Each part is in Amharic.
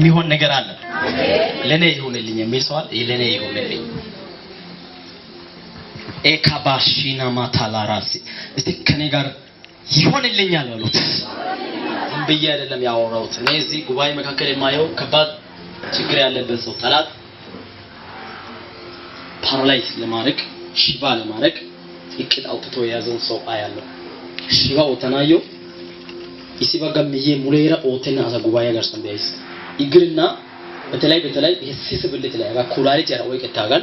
የሚሆን ነገር አለ። ለኔ ይሁንልኝ የሚል ሰዋል ለኔ ይሁንልኝ። ኤካባሺና ማታላራሲ እስቲ ከኔ ጋር ይሆንልኛል አሉት። ብዬ አይደለም ያወራሁት እኔ እዚህ ጉባኤ መካከል የማየው ከባድ ችግር ያለበት ሰው ጠላት ፓራላይዝ ለማድረግ ሽባ ለማድረግ እቅድ አውጥቶ የያዘውን ሰው አያለሁ። ሽባው ተናዮ ጋር ምዬ ሙሌራ ኦቴና ጉባኤ ጋር ይግልና በተለይ በተለይ ሲስብልት ላይ ኩላሊት ያራ ወይ ከታጋል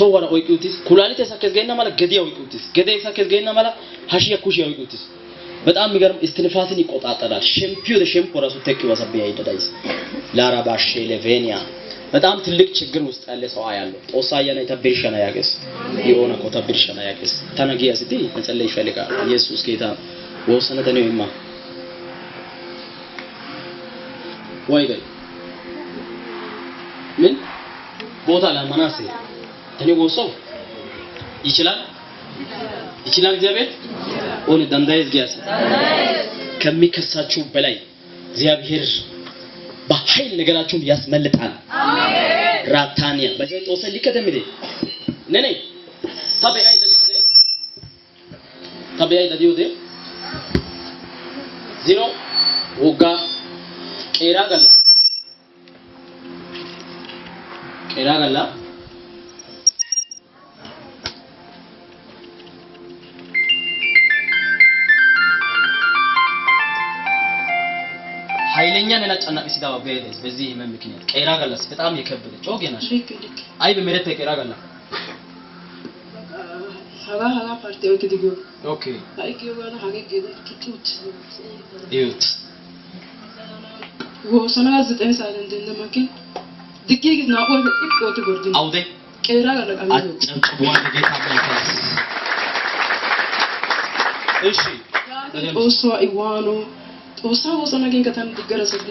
ተወራ ወይ ቁቲስ ኩላሊት ያሳከስ ገይና ማለት ገዲያ ወይ ቁቲስ ገዲያ ያሳከስ ገይና ማለት ሐሽያ ኩሽ ወይ ቁቲስ በጣም የሚገርም እስትንፋስን ይቆጣጠራል። ሸምፒዮ ለሸምፖ ራሱ ተክ ይወሰብ ወሰብያ ይደዳይስ ላራባ ለቬኒያ በጣም ትልቅ ችግር ውስጥ ያለ ሰው አያለሁ። ጦሳ ያነ ተብርሸና ያገስ የሆነ ኮ ተብርሸና ያገስ ተነጊያ ስቲ መጸለይ ይፈልጋል። ኢየሱስ ጌታ ወሰነ ተኔ ይማ ወይ ቦታ ለመናስ እኔ ጎሶ ይችላል ይችላል እግዚአብሔር ኦን ዳንዳይ ዝያስ ከሚከሳችሁ በላይ እግዚአብሔር በኃይል ነገራችሁን ያስመልጣል። አሜን ራታኒያ ራታንያ በጀጦሰ ሊከደምዴ ነኔ ታበያይ ደዲዮዴ ታበያይ ደዲዮዴ ዜሮ ወጋ ቄራ ገላ ಇರಾಗಲ್ಲ ኃይለኛ ሌላ ጨናቂ ሲዳ ወገ በዚህ ህመም ምክንያት ቀይራ ገላስ በጣም የከበደች ወገ ናሽ አይ በመሬት ተቀይራ ገላ ይሁት ወሰና ዘጠኝ ሰዓት እንደነማኪ Aude. እሺ ጦሷ ኢዋኖ ጦሳ ወሰነ ግን ከተን ድገረሰብት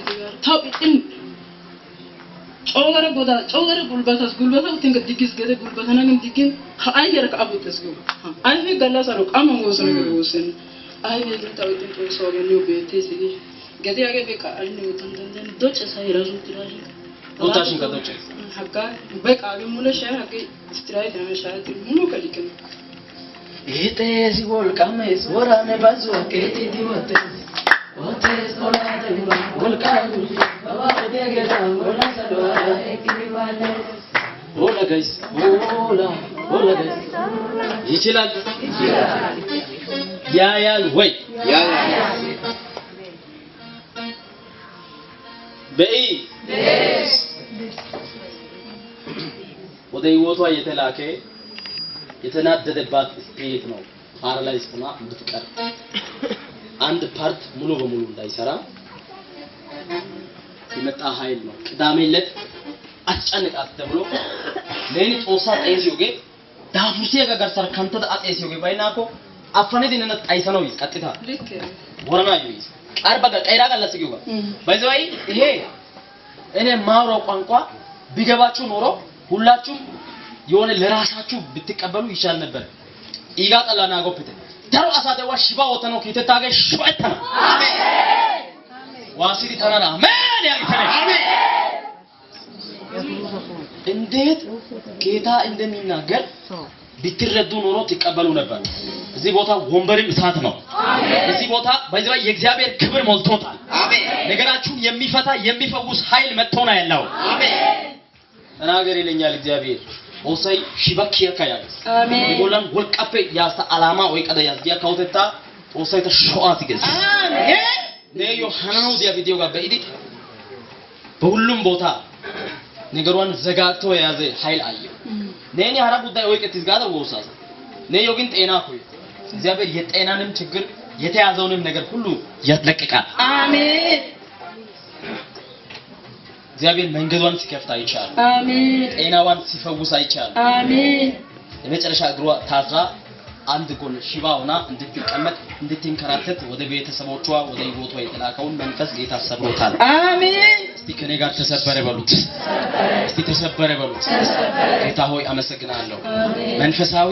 ቦታሽን ከተውጭ ሀጋ በቃ ሙለሻ ሀገ ስትራይ ደመሻ ሙሉ ከሊቅም Itesi volkames vorane bazu keti divote. Otes olate volkadu. Baba dege tangola salwa ekibale. Hola guys. Hola. Hola guys. ይችላል ይችላል ያያል ወይ ያያል በኢ ወደ ህይወቷ የተላከ የተናደደባት ስፒሪት ነው። ፓራላይዝ ሆና እንድትቀር አንድ ፓርት ሙሉ በሙሉ እንዳይሰራ የመጣ ኃይል ነው። ቅዳሜ ዕለት አስጨንቃት ተብሎ ለኔ ጦሳ ጠይሲዮጌ ዳፉሴ ገገርሰር ከንተ አጤሲዮጌ ባይናኮ አፈነ ዲነነ ጣይሰ ነው ይቀጥታ ወራና ይይዝ አርባ ቀን ቀይራ ቀን ቀለስ ይገባ ባይዘይ ይሄ እኔ ማውራው ቋንቋ ቢገባችሁ ኖሮ ሁላችሁም የሆነ ለራሳችሁ ብትቀበሉ ይቻል ነበር። ኢጋ ጠላና ጎፍተ ተሩ አሳደ ዋ ሽባ ወተኖ ከተታገ ሽባተ አሜን ዋሲሪ ተራና አሜን ያ ይተነ አሜን እንዴት ጌታ እንደሚናገር ብትረዱ ኖሮ ትቀበሉ ነበር። እዚህ ቦታ ወንበሪው እሳት ነው። እዚህ ቦታ በዚህ ላይ የእግዚአብሔር ክብር ሞልቶታል። አሜን። ነገራችሁን የሚፈታ የሚፈውስ ኃይል መጥቶ ነው ያለው። ተናገር ይለኛል እግዚአብሔር ወሳይ ኦሰይ ሽበክየ አሜን። ይጎላም ወልቀፈ ያስተ አላማ ወይ ቀደ ያዝያ ከውተታ ኦሰይ ተሸዋ ትገዝ ነዮ ሐናው ዲያ ቪዲዮ ጋር በኢዲ በሁሉም ቦታ ነገሯን ዘጋግቶ የያዘ ኃይል አየሁ። ለእኔ ሀራ ጉዳይ ወይቀት ይዝጋደ ወውሳሰ ለዮ ዮግን ጤና ሆይ እግዚአብሔር የጤናንም ችግር የተያዘውንም ነገር ሁሉ ያስለቅቃል። አሜን። እግዚአብሔር መንገዷን ሲከፍት አይቻል። አሜን። ጤናዋን ሲፈውስ አይቻል። አሜን። የመጨረሻ እግሯ ታዛ አንድ ጎን ሽባ ሆና እንድትቀመጥ እንድትንከራተት ወደ ቤተሰቦቿ ወደ ህይወቷ የተላከውን መንፈስ ጌታ ሰብሮታል። አሜን። እስቲ ከኔ ጋር ተሰበረ በሉት። እስቲ ተሰበረ በሉት። ጌታ ሆይ አመሰግናለሁ። መንፈሳዊ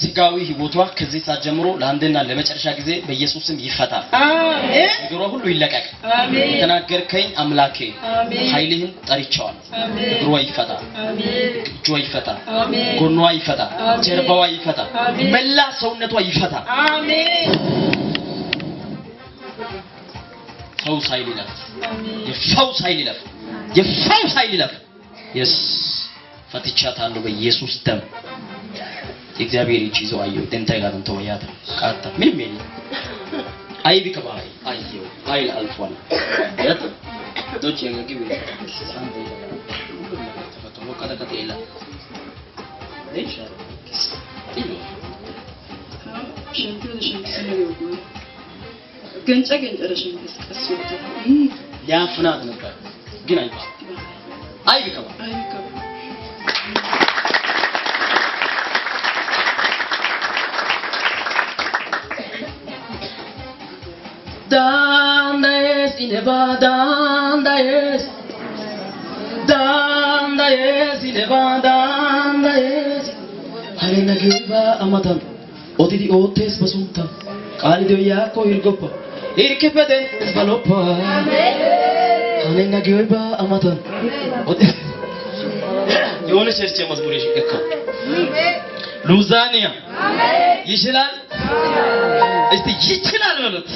ስጋዊ ህይወቷ ከዚህ ሰዓት ጀምሮ ለአንድና ለመጨረሻ ጊዜ በኢየሱስም ይፈታል። አሜን። እግሯ ሁሉ ይለቀቅ። አሜን። የተናገርከኝ አምላኬ ኃይልህን ጠርቼዋለሁ። እግሯ ይፈታል። አሜን። እጇ ይፈታል። አሜን። ጎኗ ይፈታል። ጀርባዋ ይፈታል። መላ ሰውነቷ ይፈታል። አሜን። የፈውስ ኃይል ይለፍ፣ የፈውስ ኃይል ይለፍ፣ የፈውስ ኃይል ይለፍ። የስ ፈትቻታለሁ በኢየሱስ ደም። የእግዚአብሔር እጅ ይዞ አየሁ። ደንታ ይላልም ተወያተ ቃታ ምንም የለ አይብ ከባሪ አየሁ። ኃይል አልፏል። ለት ዶች የምግብ ተፈቶ ከለከተ የለ ይሻል ሽንቱ ሽንቱ ነው ገንጨ ገንጨ ረሽን እንቅስቃሴ ይወጣል። ያ ፍናት ነበር ግን አይባ አይገባ አይገባ Dandayes ineba dandayes dandayes ineba dandayes Hani ne gibi amadan o dedi o tez basunta Kali diyor ya koyur gopa ir che vedente sviluppa Hanenna gölba amatan Yolu çerçevemiz buraya yakka Luzanya Yeşilal İşte yeşilal velut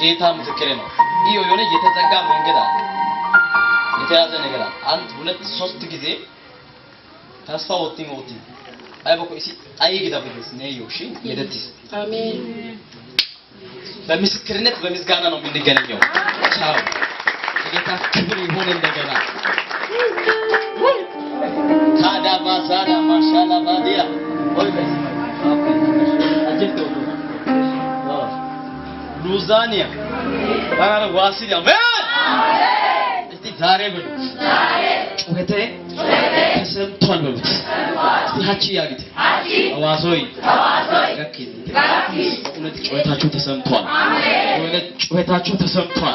ጌታ ምስክሬ ነው። ይህ የሆነ የተዘጋ መንገድ አለ፣ የተያዘ ነገር አለ። አንድ ሁለት ሶስት ጊዜ ተስፋ ወጥኝ ወጥኝ 알고 있이 아이기다 보겠으니 내 욕심 예대티 아멘 በምስክርነት በምስጋና ነው የምንገናኘው ቻው የጌታ ክብር ይሁን እንደገና ታዳ ማዛዳ ማሻላ ማዲያ ሉዛኒያ ዋሲሊያ እስቲ ዛሬ ብሉ ጩኸቴ ተሰምቷል በሉት። ሀቺ ያግጥ አዋሶይ እውነት ጩኸታችሁ ተሰምቷል። እውነት ጩኸታችሁ ተሰምቷል።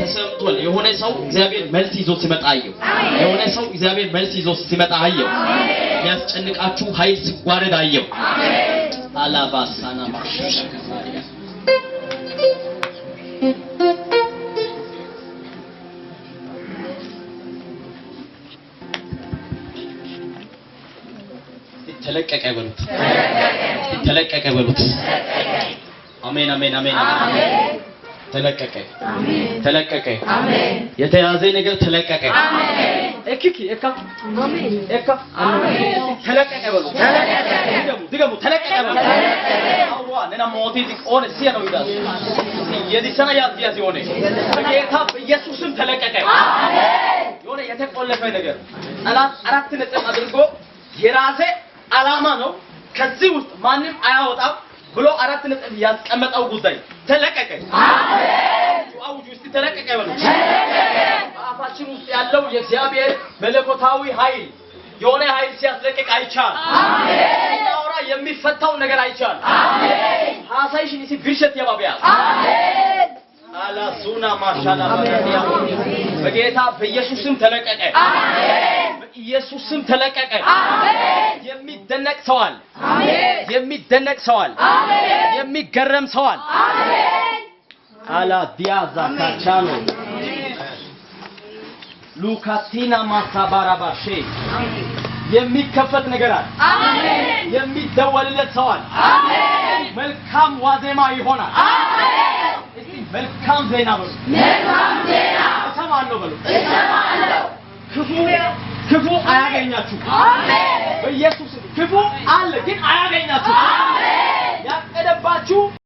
ተሰምቷል። የሆነ ሰው እግዚአብሔር መልስ ይዞ ሲመጣ አየሁ። የሆነ ሰው እግዚአብሔር መልስ ይዞ ሲመጣ አየሁ። ያስጨንቃችሁ ኃይል ሲዋረድ አየሁ። አላባሳና ማሽሽ ተለቀቀ በሉት፣ ተለቀቀ በሉት። አሜን፣ አሜን፣ አሜን፣ አሜን። ተለቀቀ፣ ተለቀቀ። የተያዘ ነገር ተለቀቀ። እክኪ እካ አሜን እካ አሜን ተለቀቀ በሉት፣ ድገሙ፣ ተለቀቀ በሉት። አዋ ለና ሞቲ ዲክ ኦን ሲያ ነው ይላል የዲሰና ያዚያ ሲሆነ በጌታ በኢየሱስም ተለቀቀ። አሜን የሆነ የተቆለፈ ነገር ጠላት አራት ነጥብ አድርጎ የራሴ አላማ ነው። ከዚህ ውስጥ ማንም አያወጣም ብሎ አራት ነጥብ ያስቀመጠው ጉዳይ ተለቀቀ። አውጁ እስቲ ተለቀቀ ይበሉ። በአፋችን ውስጥ ያለው የእግዚአብሔር መለኮታዊ ኃይል የሆነ ኃይል ሲያስለቅቅ አይቻል። አሜን። አውራ የሚፈታው ነገር አይቻል። አሜን። ሐሳይሽ እስቲ ግርሸት የባቢያ አሜን። አላሱና ማሻላ ባዲያ በጌታ በኢየሱስም ተለቀቀ። አሜን። በኢየሱስም ተለቀቀ። አሜን። የሚደነቅ አሜን። የሚደነቅ አሜን። የሚገረም አሜን። ሰዋል። አላዲያዛ ካቻኖ ሉካቲና ማሳባራባ ማሳባራባሼ የሚከፈት ነገር አለ። አሜን። የሚደወልለት አሜን። መልካም ዋዜማ ይሆናል። አሜን። መልካም ዜና በሉ። መልካም ዜና እሰማለሁ በሉ። እሰማለሁ ክፉ ክፉ አያገኛችሁ። አሜን በኢየሱስ ክፉ አለ ግን አያገኛችሁ ያቀደባችሁ